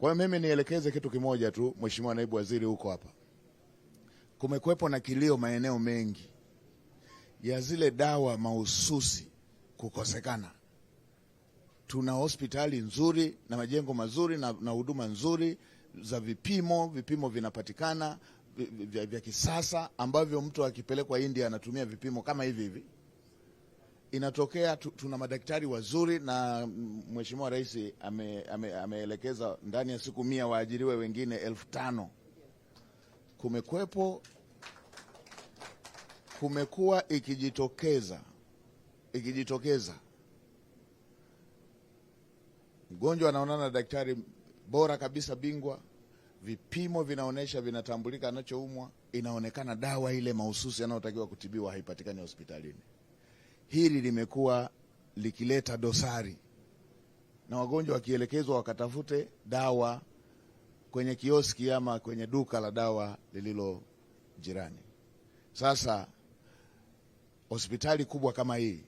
Kwa hiyo mimi nielekeze kitu kimoja tu, Mheshimiwa Naibu Waziri, huko hapa kumekuwepo na kilio maeneo mengi ya zile dawa mahususi kukosekana. Tuna hospitali nzuri na majengo mazuri na huduma nzuri za vipimo, vipimo vinapatikana vya, vya kisasa ambavyo mtu akipelekwa India anatumia vipimo kama hivi hivi inatokea tu, tuna madaktari wazuri na Mheshimiwa Rais ameelekeza ame, ndani ya siku mia waajiriwe wengine elfu tano. Kumekwepo, kumekuwa ikijitokeza ikijitokeza mgonjwa anaonana na daktari bora kabisa bingwa, vipimo vinaonyesha, vinatambulika anachoumwa, inaonekana dawa ile mahususi anayotakiwa kutibiwa haipatikani hospitalini hili limekuwa likileta dosari, na wagonjwa wakielekezwa wakatafute dawa kwenye kioski ama kwenye duka la dawa lililo jirani. Sasa hospitali kubwa kama hii